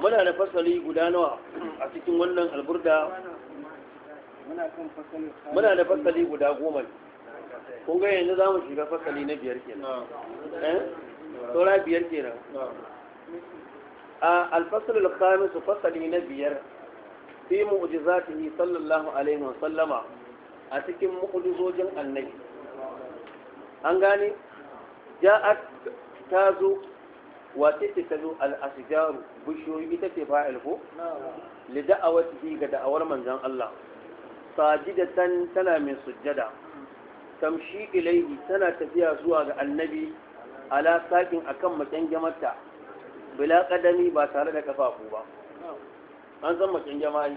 muna da fasali guda nawa a cikin wannan alburda muna da fasali guda goma kun ga yanzu za mu shiga fasali na biyar kenan tsora eh? biyar kenan a alfasar alkhami su fasali na biyar fi yi sallallahu alaihi wa sallama a cikin mu'jizojin annabi an gane ja'at ta zo wace ce ta zo al'ashijaru bishiyoyi ita ce fa'il ko? li da'awar fi ga da'awar manzan Allah sajidatan tana mai sujjada tamshi ilaihi tana tafiya zuwa ga annabi ala sakin akan macen jamarta bila kadami ba tare da kafafu ba an san macen jamari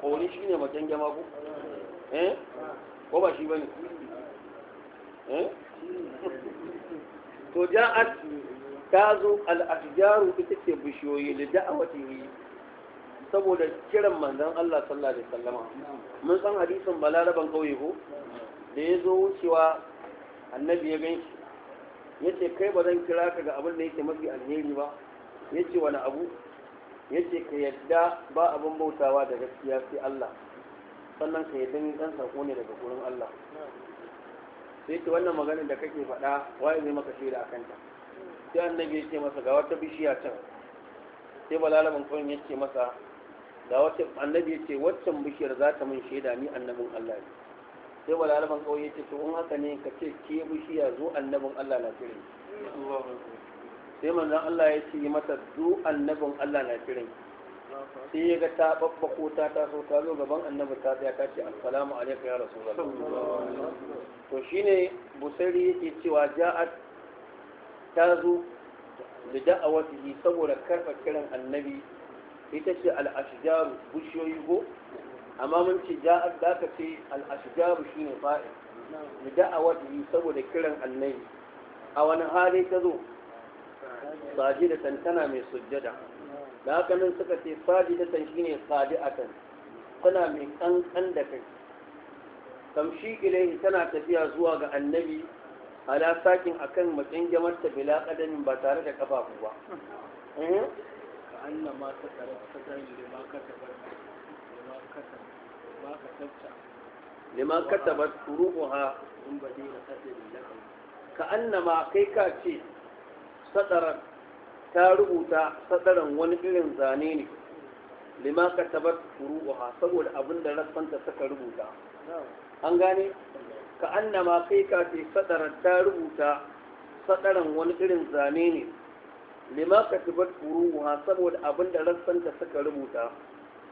kori shi ne macen jama ku eh ko ba shi ba ne eh to ja'at ta zo al'ajaru ita ce bishiyoyi da da'awati saboda kiran manzon Allah sallallahu alaihi wasallama mun san hadisin balaraban kauye ko da ya zo wucewa annabi ya ganshi ya kai ba zan kira ka ga abin da yake mafi alheri ba ya ce wani abu ya ka yadda ba abin bautawa da gaskiya sai Allah sannan ka yadda ni dan sako ne daga gurin Allah sai ce wannan maganar da kake faɗa wai zai maka shaida a kanta sai annabi ya ce masa ga wata bishiya can sai balalabin kawai ya ce masa ga wata annabi ya ce waccan bishiyar za ta min shaida ni annabin Allah ne sai balalabin kawai ya ce to in haka ne ka ce ke bishiya zo annabin Allah na firin sai manzan Allah ya ce mata zo annabin Allah na firin sai ya ga ta babbako ta taso ta zo gaban annabi ta tsaya ta ce assalamu alaikum ya rasulullah to shine busari yake cewa ja'at ta zo da da'awatihi saboda karɓar kiran annabi ita ce al'ashijaru bishiyoyi go amma mun ce za ka aka ce al'ashijaru shi ne fa'i da da'awatihi saboda kiran annabi a wani hali ta zo saji da tantana mai sujjada da haka nan suka ce Fadi da shi ne shine a atan tana mai kankan da kai Kamshi ilaihi tana tafiya zuwa ga annabi ala sakin akan matsayin jamar ta bila kadamin ba tare da kafafu ba eh? ka anna ta tare da ma ka ma kai ka ce sadaran ta rubuta sadaran wani irin zane ne lima katabat furuha saboda abinda rassanta suka rubuta an gane ka annama kai ka ce ta rubuta fadaran wani irin zane ne lima ka tibar saboda abin da rassanta suka rubuta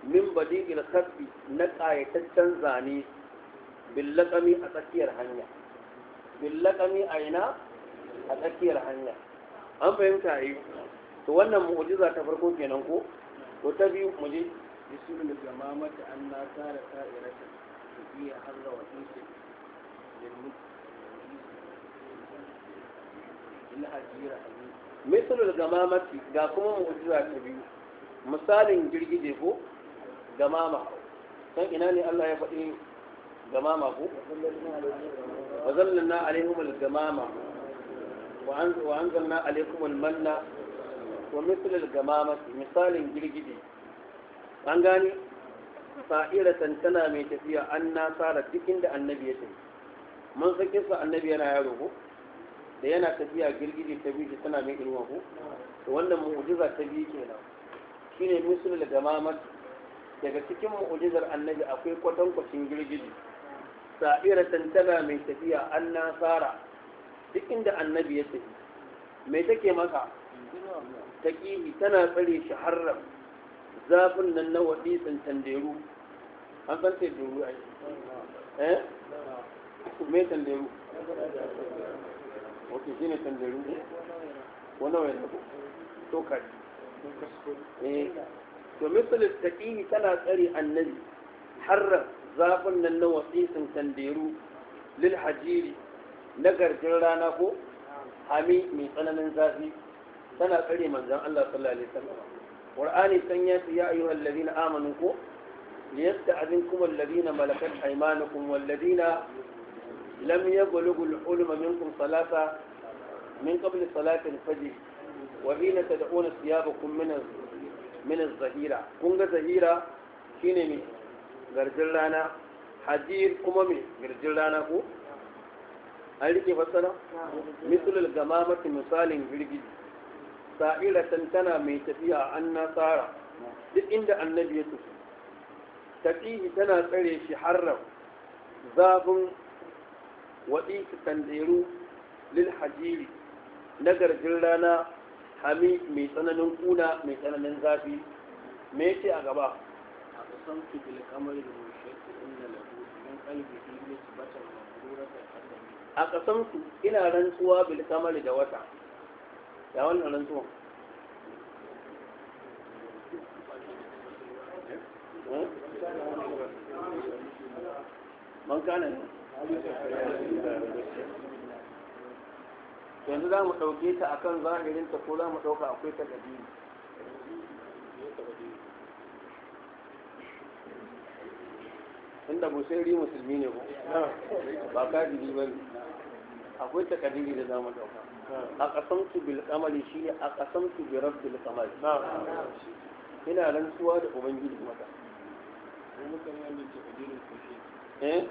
min badi ilkafi na ƙayataccen zane billakami a tsakiyar hanya billakami a ina a tsakiyar hanya an fahimta yi to wannan mu'ujiza ta farko kenan ko to ta biyu mu je jama'a mata an na tara ta tafiya har da wakilin misalul gamamati ga kuma mu'jiza ta biyu misalin girgije ko gamama san ina ne Allah ya faɗi gamama ko wa zallalna alaihim al-gamama wa anzalna alaikum al-manna wa misalul gamamati misalin girgije an gani sa'iratan tana mai tafiya an nasara duk inda annabi ya tafi mun sake sa annabi yana yaro ko da yana tafiya girgije ta biyu tana mai inuwa ko to wannan mu'jiza ta biyu kenan shine musul da gamamat daga cikin mu'jizar annabi akwai kwatankwacin girgije sa'ira, tana mai tafiya an nasara duk inda annabi ya tafi mai take maka taƙihi tana tsare shi harram zafin nan na waɗi tsantanderu an san sai duru ai eh Mai tanderu wato shine tanderu wani wani to kai eh to misali, taqini tana tsare annabi harra zafin nan na wasisin tanderu lil hajiri na garjin rana ko hami mai tsananin zafi tana tsare manzon Allah sallallahu alaihi wasallam qur'ani san ya ya ayyuhal ladina amanu ko liyasta'zinkum alladhina malakat aymanukum walladhina lam yablughu al-hulma minkum salasa min qabli salati al-fajr wa hina tad'una siyabakum min min az-zahira kun ga zahira shine me garjin rana hadir kuma me garjin rana ko an rike fassara mislul gamamati misalin girgiji sa'iratan tana mai tafiya duk inda annabi ya tana tsare shi harraf zafin waɗi su tanderu lil hajiri na garjin rana hami mai tsananin kuna mai tsananin zafi me yake a gaba a kusan su bil kamar da mushaki inda lahu min qalbi fi nisbatan mabruratan adami a kasan su ina rantsuwa bil kamar da wata ya wannan rantsuwa eh? eh? man kana ne yanzu za mu ɗauke ta a kan zahirinta ko za mu ɗauka akwai ta ƙadiri inda busairi musulmi ne ko ba kafiri ba ne akwai ta ƙadiri da za mu ɗauka a ƙasamtu bil kamari shi ne a ƙasamtu bi bil kamari ina rantsuwa da ubangiji mata eh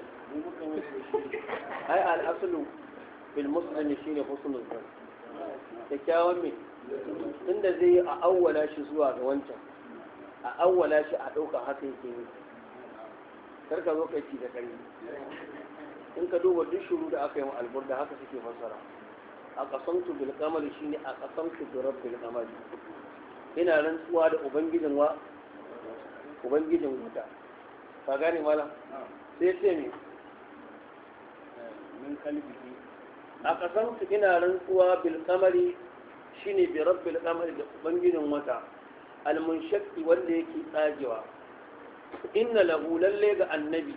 ai al'asulu bil musulmi shi ne husnul zan kyakkyawan mai tunda zai yi a awwala shi zuwa ga wancan a awwala shi a ɗauka haka yake yi karka zo kai ci da kai in ka duba duk shuru da aka yi wa alburda haka suke fassara a kasantu bil kamari shine a kasantu bi rabbil kamari ina rantsuwa da ubangijin wa ubangijin wuta ka gane mala sai ce ne. min kalbihi a kasamtu ina rantsuwa bil kamari shine bi rabbil kamari da ubangijin wata almunshaqi wanda yake tsagewa inna lahu lalle ga annabi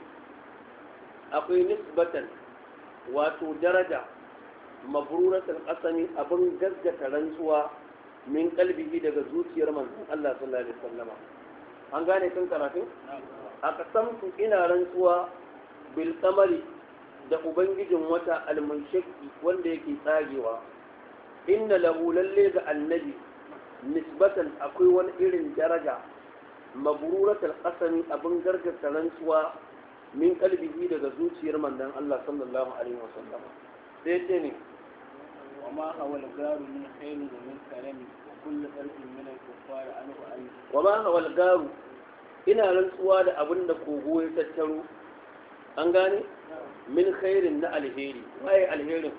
akwai nisbatan wato daraja mabruratul qasami abin gaggata rantsuwa min kalbihi daga zuciyar manzon Allah sallallahu alaihi wasallam an gane kan karatu a kasamtu ina rantsuwa bil kamari da ubangijin wata almunshaki wanda yake tsagewa inna lahu lalle ga annabi nisbatan akwai wani irin daraja mabruratul qasami abin gargarta rantsuwa min kalbihi daga zuciyar mandan Allah sallallahu alaihi wasallam sai ce ne wa ma hawal garu min khairin wa min karami wa kullu qalbin min al-kuffar anhu wa ma hawal garu ina rantsuwa da abin da kogo ya tattaro an gane min khairin na alheri waye alherin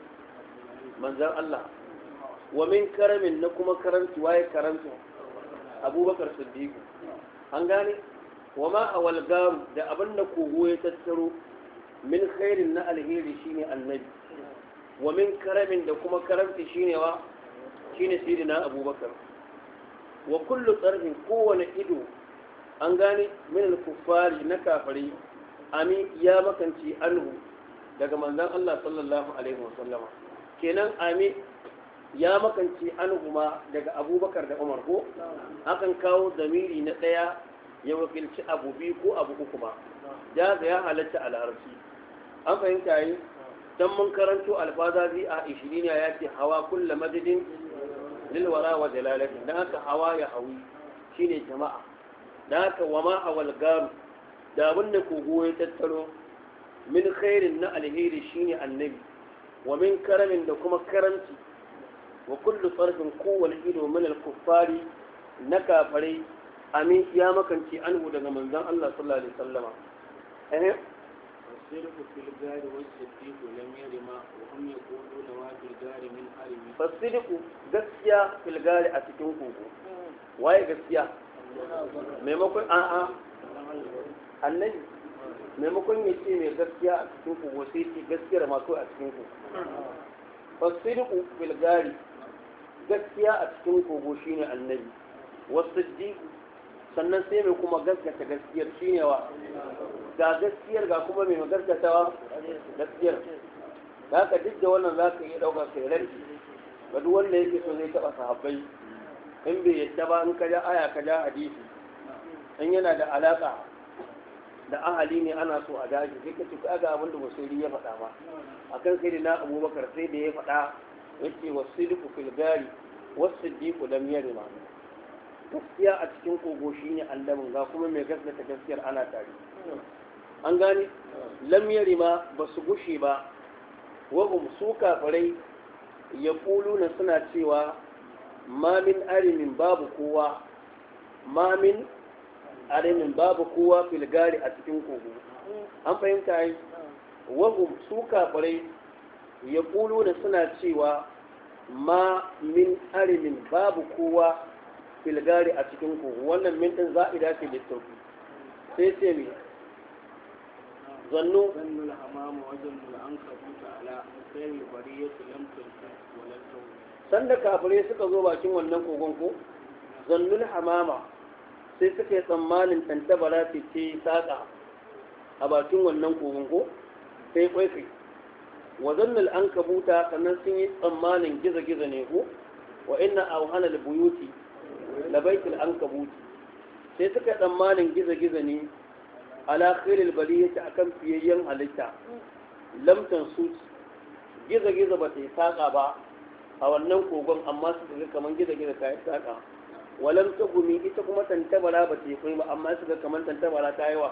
manzan Allah wa min karamin na kuma karanci waye karanci abubakar siddiqu an gane wa ma awal garu da abin da kogo ya tattaro min khairin na alheri shine annabi wa min karamin da kuma karamci shine wa shine sidina abubakar wa kullu tsarfin kowane ido an gane min al-kuffari na kafari ami ya makanci anhu daga manzon Allah sallallahu alaihi wasallama kenan ami ya makanci anhu ma daga abubakar da umar ko akan kawo zamiri na ɗaya ya wakilci abu biyu ko abu uku ba ya ga ya halatta a an fahimta yi dan mun karanto biyu a ishirin ya ce hawa kulla madadin lilwara wa jalalatin dan haka hawa ya hawi shine jama'a na haka wama awal walgaru. da abin da kogo ya tattaro min khairin na alheri shine annabi wa min karamin da kuma karanci wa kullu tsarfin kowane ido min alkuffari na kafare amin ya makance anhu daga manzon Allah sallallahu alaihi wasallama eh فالسرق في الجار والصديق لم يرما وهم يقولون وفي الجار من حرمي annabi maimakon ya ce mai gaskiya a cikin ku wasu ce gaskiyar masu a cikin ku ku Bilgari gaskiya a cikin shi ne annabi wasu sannan sai mai kuma gaskata gaskiyar shine wa ga gaskiyar ga kuma mai wa gaskiyar Za ka duk da wannan za ka iya ɗaukar sairar ga duk wanda yake so zai taɓa sahabbai in bai yadda ba in ka ja aya ka ja hadisi in yana da alaƙa da ahali ne ana so a gashi sai ka ce ga abin da wasairi ya faɗa ba a kan sai da na abubakar sai da ya faɗa yace wasidiku fil gari wasiddiqu lam yarima gaskiya a cikin kogo shine annabin ga kuma mai ta gaskiyar ana tare an gane lam ma ba su gushe ba wa su kafirai ya na suna cewa mamin arimin babu kowa mamin. alimin babu kowa filgari a cikin kogo an fahimta yi wahum su kafirai ya kulu da suna cewa ma min arimin babu kowa filgari a cikin kogo wannan mintin za a dace da sauki sai ce mi zannu sanda kafirai suka zo bakin wannan kogon ko zannun hamama sai suka yi tsammanin tantabara ce ce saƙa a bakin wannan kogon ko sai kwaifai wazannal an kabuta sannan sun yi tsammanin giza-giza ne ko wa ina a wahalar buyuti labaitul an kabuti sai suka yi tsammanin giza-giza ne ala khairil a kan fiyayyen halitta lamtan su giza-giza ba ta yi saƙa ba a wannan kogon amma su ga kamar giza-giza ta yi saƙa walam ta ita kuma tantabara ba ta yi kwai ba amma suka kamar tantabara ta yi wa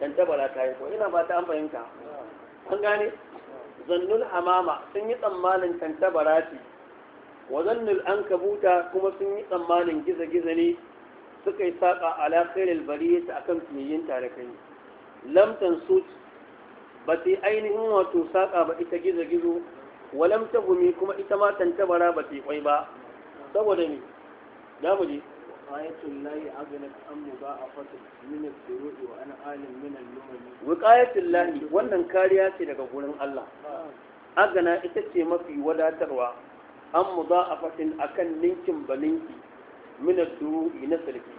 tantabara ta yi kwai ina ba ta an fahimta an gane zannun hamama sun yi tsammanin tantabara ce wa zannul an kabuta kuma sun yi tsammanin giza-giza ne suka yi saƙa ala khairil bariyata akan fiyayyin kai. lam suit ba ta ainihin wato saƙa ba ita gizo-gizo walam ta gumi kuma ita ma tantabara ba ta yi kwai ba saboda ne da mu je ayatul lahi aghnat a mudha'afat min al-duru'i wa ana alim min al-lumani wiqayatul lahi wannan kariya ce daga gurin Allah agana ita ce mafi wadatarwa an mudha'afatin akan ninkin baninki min ad-duru'i na sarki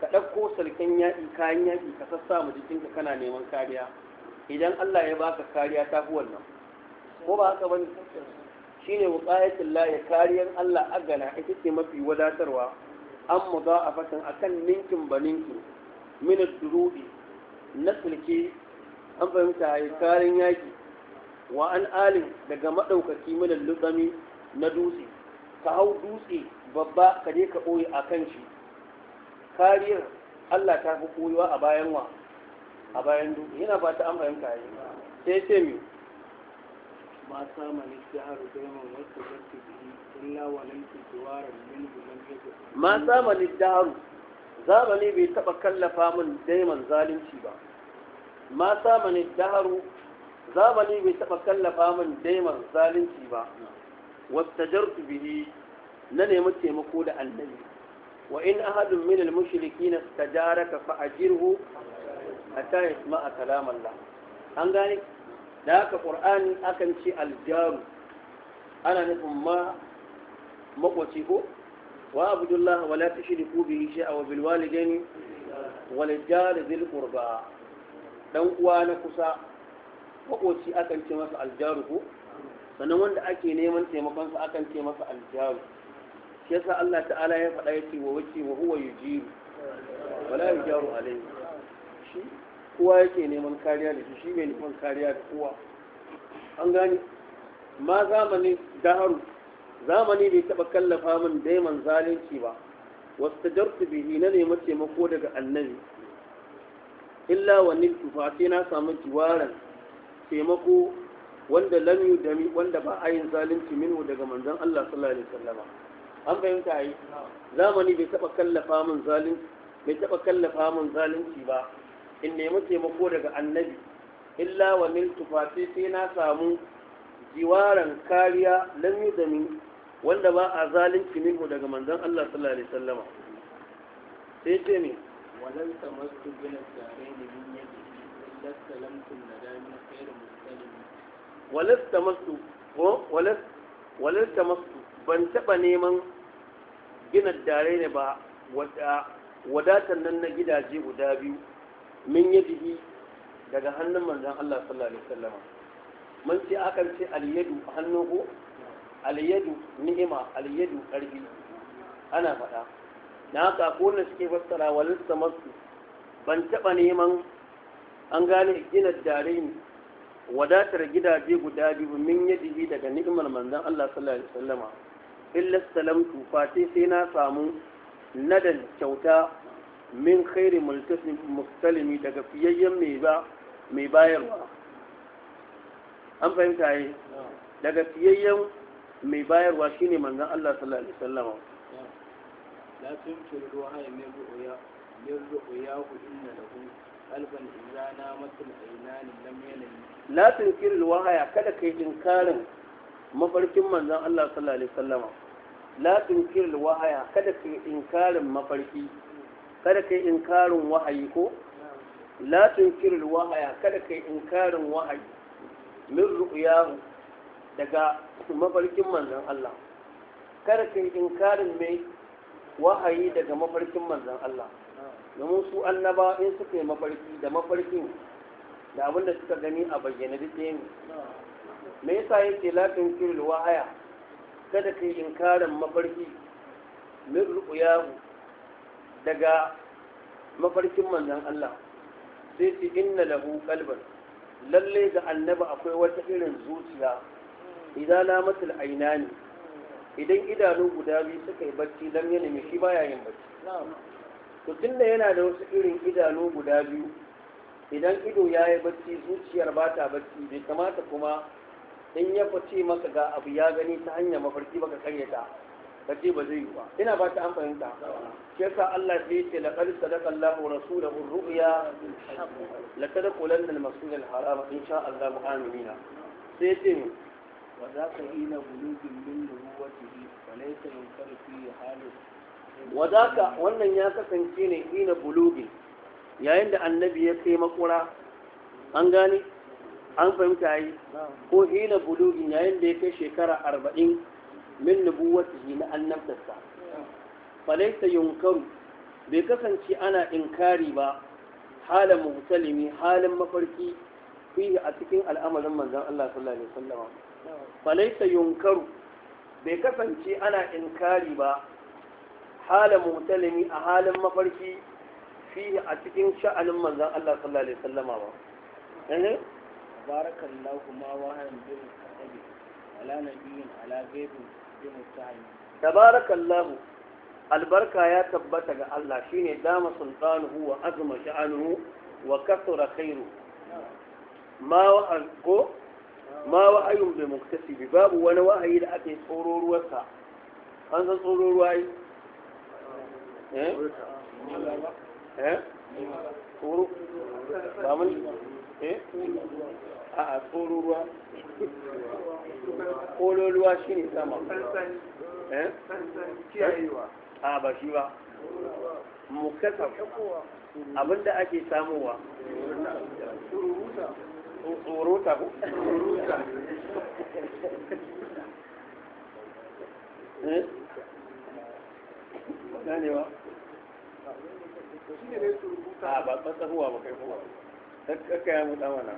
ka ɗauko sarkin yaƙi kayan yaƙi ka sassa mu jikinka kana neman kariya idan Allah ya baka kariya ta fi wannan ko ba haka bane shine wuqayatul lahi kariyan Allah agana ita ce mafi wadatarwa an mudafatan akan ninkin baninki min ad-durudi na sulke an fahimta ya karin yaki wa an alin daga madaukaki min al na dutse ka hau dutse babba ka je ka a akan shi kariyar Allah ta fi koyuwa a bayan wa a bayan dutse yana ba ta an fahimta yi sai sai mi ما سام الاشتهار دائما والتجرد به إلا zamani bai taɓa kallafa min daiman zalunci ba ma samani zamani bai kallafa min daiman zalunci ba bihi na nemi taimako da annabi wa in ahadun min al-mushrikin istajaraka fa ajirhu hatta yasma'a kalam Allah an gane da haka ƙur'ani akan ce aljaru ana nufin ma makwaci ko wa abdullah wala tushriku bihi shay'a wa bil walidaini wal jari dhil qurba dan uwa na kusa makwaci akan ce masa aljaru ko sannan wanda ake neman taimakon sa akan ce masa aljaru shi yasa Allah ta'ala ya faɗa yace wa wace wa huwa yujiru wala yujaru alayhi shi kowa yake neman kariya da shi shi mai neman kariya da kowa an gani ma zamani daharu zamani bai taɓa kallafa min daiman zalunci ba wasu jartu bihi na neman taimako daga annabi illa wani tufa sai na samu jiwaran taimako wanda da yudami wanda ba a yin zalunci minhu daga manzon Allah sallallahu alaihi wasallama an yi zamani bai taɓa kallafa min zalunci bai taɓa kallafa min zalunci ba in nemi taimako daga annabi illa wa min tufafi sai na samu jiwaran kariya lam yudami wanda ba a zalunci minhu daga manzon Allah sallallahu alaihi wasallama sai ce ne walau bin bil sarin min yadi lastalamtu nadami khair mustalimi walastamastu ko walas walastamastu ban taba neman gina dare ne ba wadatar nan na gidaje guda biyu min yadihi daga hannun manzon Allah sallallahu alaihi wasallam mun ce akan ce alyadu hannuhu alyadu ni'ima alyadu karbi ana faɗa na ka kona suke fassara walin samarsu ban taɓa neman an gane gina dare ne wadatar gidaje guda biyu min yadihi daga ni'imar manzon Allah sallallahu alaihi wasallama illa salamtu fa sai na samu nadan kyauta min khairi mustalimi daga fiyayyen mai bayarwa an fahimta yi daga fiyayyen mai bayarwa shine manzan Allah sallallahu alaihi wasallam la tumkir ruha min ru'ya min ru'ya inna lahu alban idza namatul aynan lam yanam la tumkir wahaya kada kai inkarin mafarkin manzan Allah sallallahu alaihi wasallam la tumkir wahaya kada kai inkarin mafarki kada kai inkarin wahayi ko la tunkirul wahaya kada kai inkarin wahayi min ru'yahu daga mafarkin manzan Allah kada kai inkarin mai wahayi daga mafarkin manzan Allah domin su annaba in suka yi mafarki da mafarkin da abin da suka gani a bayyana duk ɗaya ne me yasa yake la tunkirul wahaya kada kai inkarin mafarki min ru'yahu daga mafarkin manzan Allah sai ce inna lahu kalban lalle ga Annaba akwai wata irin zuciya idan lamatul ainani idan idanu guda biyu suka yi bacci dan yana mai shi baya yin bacci to tunda yana da wasu irin idanu guda biyu idan ido ya yi bacci zuciyar ba ta bacci bai kamata kuma in ya fice maka ga abu ya gani ta hanyar mafarki baka karyata ka ce ba zai yi ba ina ba ta an fahimta shi sa Allah sai ce laqad sadaqa Allahu rasulahu ar-ru'ya laqad qulanna al-masjid al-haram sha Allah mu'minina sai ce mu wa za zaka ina bulugin min nubuwatihi wa laysa min farfi halus wa ka wannan ya kasance ne ina bulugin yayin da annabi ya kai makura an gane an fahimta yi ko ina bulugin yayin da ya kai shekara arba'in min nubuwatihi na annabtarsa falaita yunkaru bai kasance ana inkari ba halin muhtalimi halin mafarki fihi a cikin al'amarin manzon Allah sallallahu alaihi wasallam falaita yunkaru bai kasance ana inkari ba halin muhtalimi a halin mafarki a cikin sha'anin manzon Allah sallallahu alaihi wasallam ba eh? barakallahu ma wahayin bil ala nabiyyin ala ghaibin tabarakallahu albarka ya tabbata ga Allah shine dama sultanuhu wa azma sha'anuhu wa kasura khairu ma wa ko ma wa ayyun bi muktasibi babu wani wahayi da ake tsoro ruwarsa an san tsoro ruwa yi eh eh tsoro ba mun eh a a tsoruruwa ƙololuwa shi ne sama eh? a eh? ba shi ba mukasa abinda ake samowa tsorota ko a eh? ba tsaruwa ba kai ya mutu mana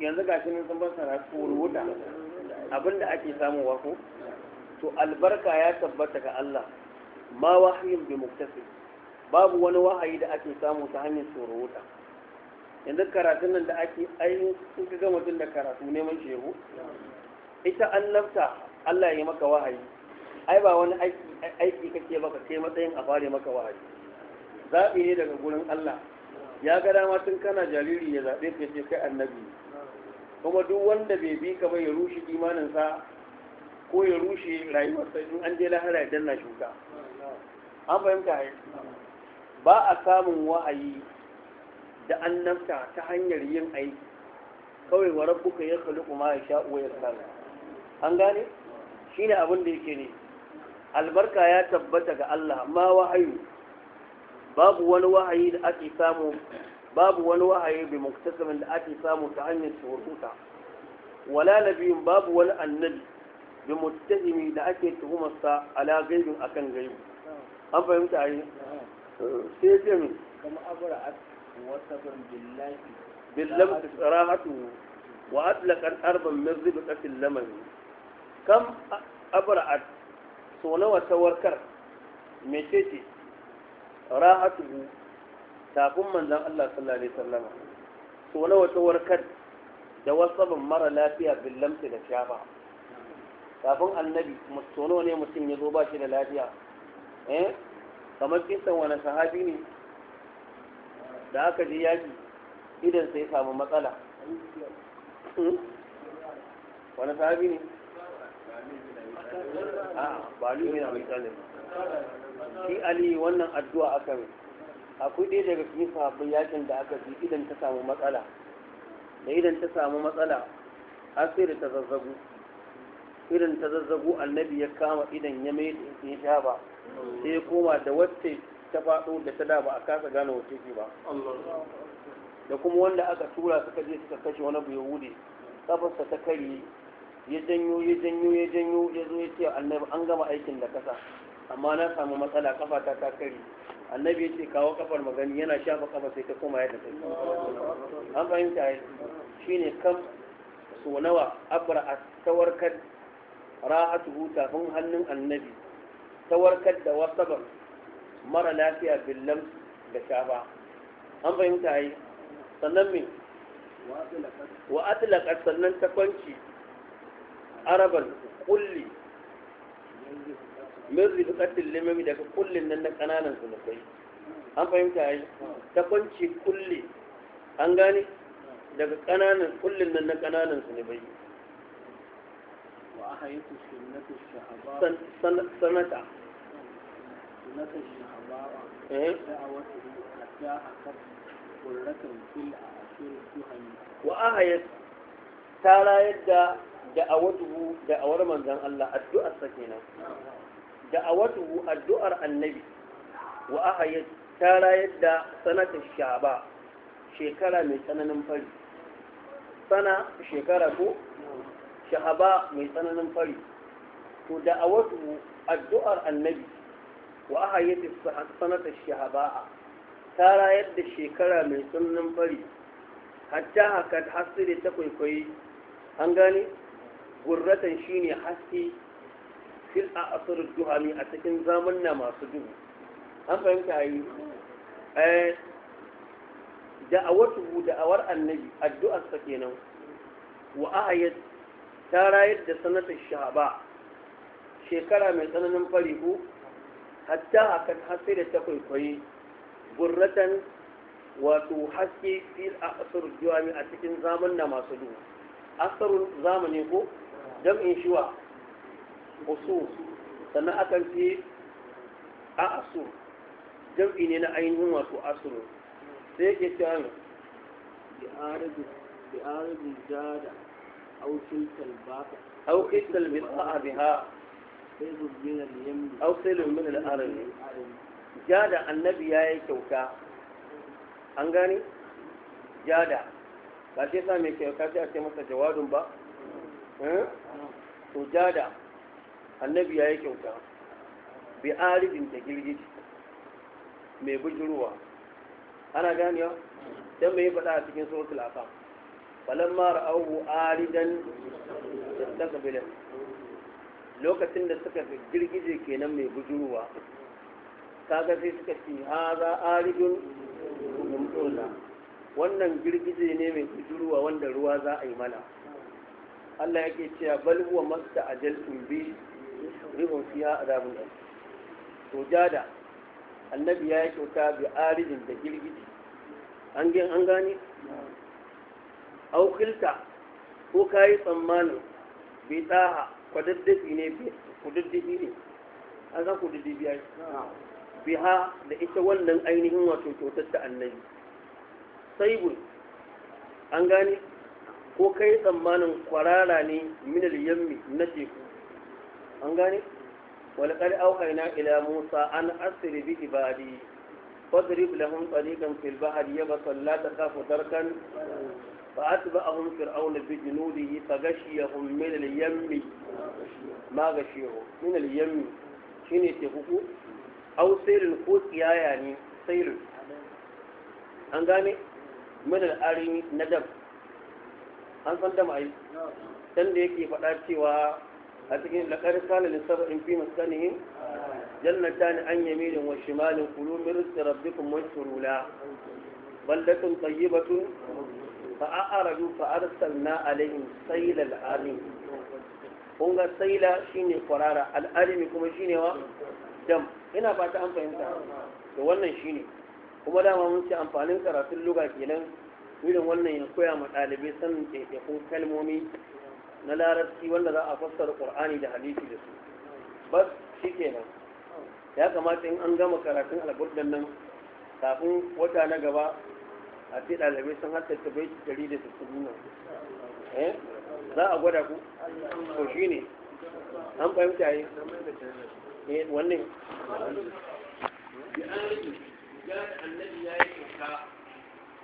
yanzu ga shi nan sun ban sana wuta abinda ake samun wako to albarka ya tabbata ga Allah ma wahayin bi babu wani wahayi da ake samu ta hanyar wuta. yanzu karatun nan da ake ai sun ka gama da karatu neman shehu ita annabta Allah ya maka wahayi ai ba wani aiki kake baka kai matsayin a fare maka wahayi zaɓi ne daga gurin Allah ya ga dama tun kana jariri ya zaɓe ka ce kai annabi kuma duk wanda bai bi ka bai ya rushe imaninsa ko ya rushe rayuwarsa in an je lahara ya danna shuka an fahimta ya ba a samun wa'ayi da annabta ta hanyar yin aiki kawai wa rabbuka ya khaliqu ma yasha wa yaskala an gane shine abin da yake ne albarka ya tabbata ga Allah ma wahayu babu wani wahayi da ake samu babu wani wahayi bi muktasamin da ake samu ta hanyar surututa wala na biyun babu wani annabi bi mutajimi da ake tuhumarsa ala gaibin akan gaibu an fahimta a yi sai ce min kama abura a wasabar billahi billam tsarahatu wa atlaqan arban min kafin lamari. kam abra'at so nawa tawarkar mecece rahatuhu tafin manzan Allah sallallahu alaihi wasallam so na wata warkar da wasabin mara lafiya billamta da shafa kafin annabi mutono ne mutum ya zo ba shi da lafiya eh kamar kisan wani sahabi ne da aka je yaki idan sai samu matsala hmm? wani sahabi ne ba ni yana mai tsalin shi ali wannan addu'a aka yi akwai ɗaya daga cikin sahabbai yakin da aka fi idan ta samu matsala da idan ta samu matsala har sai da ta zazzagu irin ta zazzagu annabi ya kama idan ya mai da ya sha ba sai ya koma da wacce ta faɗo da ta da ba a kasa gane wacce ke ba da kuma wanda aka tura suka je suka kashe wani bai yahudi kafarsa ta kari ya janyo ya janyo ya janyo ya zo ya ce annabi an gama aikin da kasa amma na samu matsala kafa ta ta kari annabi ya ce kawo kafar magani yana shafa kafa sai ta koma yadda kai an fahimta ya shine kam so nawa abra a tawarkar huta tafin hannun annabi tawarkar da wasabar mara lafiya billam da shafa an fahimta ya sannan me wa atlaqat sannan ta kwanci araban kulli min riqatil limami daga kullin nan na kananan zunubai an fahimta ai ta kwanci kulli an gane daga kananan kullin nan na kananan zunubai eh? wa ahayatu sunnatu shahaba sanata sunnatu da eh da'awatu hatta akab da da'awatu da'awar Allah addu'ar sa kenan da'awatuhu addu'ar annabi wa aka yi tara yadda sanatar shaba shekara mai tsananin fari sana shekara ko shahaba mai tsananin fari to da'awatuhu addu'ar annabi wa aka yi sanatar shahaba tara yadda shekara mai tsananin fari hatta haka hasiri ta kwaikwayi an gane gurratan shine haske fil a asirar duhami a cikin zaman na masu duhu an fahimta yi eh, da'awatu da'awar annabi addu'arsa kenan wa ahayat ta rayar da sanatar shahaba shekara mai tsananin fari ko hatta akan haske da ta kwaikwayi burratan wato haske fil a asar juwami a cikin zaman na masu duhu asarun zamani ko jam'in shiwa usu sannan akan ce a asu jam'i ne na ainihin wato asuru sai yake cewa ne bi arabin jada aukin talbata aukin talbata a biha ausilun min al'arami jada annabi ya yi kyauta an gane jada ba shi sa mai kyauta sai a ce masa jawadun ba eh? to jada annabi ya yi kyauta bi arifin da girgiji mai bujurwa ana ganiya don mai faɗa a cikin sauti lafa falan mara auhu aridan da takabilan lokacin da suka fi girgije kenan mai bujurwa kaga sai suka ce haza aridun da, wannan girgije ne mai bujurwa wanda ruwa za a yi mana Allah yake cewa bal masu masta ajal bi rihun fiya a zabin ɗan to jada annabi ya yi kyauta bi arijin da girgiji an gin an gane aukilta ko ka yi tsammanin bai tsaha kwadaddafi ne kududdufi ne an san kududdufi ya yi biha da ita wannan ainihin wato kyautar da annabi saibun an gane ko ka yi tsammanin kwarara ne minal yammi na teku an gane walƙar auhaina ila musa an asiri bi ibadi fadrib lahum tariqan fil bahr yabasa la takhafu darkan fa atba'ahum fir'aun bi junudihi fagashiyahum min al yammi ma gashiyahu min al yammi shine ce huku aw sayrul ya yani sayrul an gane min al arin nadab an san dama ai dan da yake fada cewa a cikin laƙar kana lissafin in fi maskanihim jannata ni an yamirin wa shimalin kulu min rizqi rabbikum washkurula baldatun tayyibatun fa a'radu fa arsalna alaihim sayla al'arim kun ga sayla shine kwarara al'arimi kuma shine wa dam ina fata an fahimta da wannan shine kuma dama mun ce amfanin karatun luga kenan irin wannan ya koya ma ɗalibai sanin ɗaiɗaikun kalmomi na larabci wanda za a fassara qur'ani da hadisi da su bas shi kenan. ya kamata in an gama karatun alburdan nan kafin wata na gaba a ce ɗalibai sun hatta ta bai ɗari da sassanin nan eh? za a gwada ku ko shi ne an fahimta yi eh, wannan Ya annabi ya yi kyauta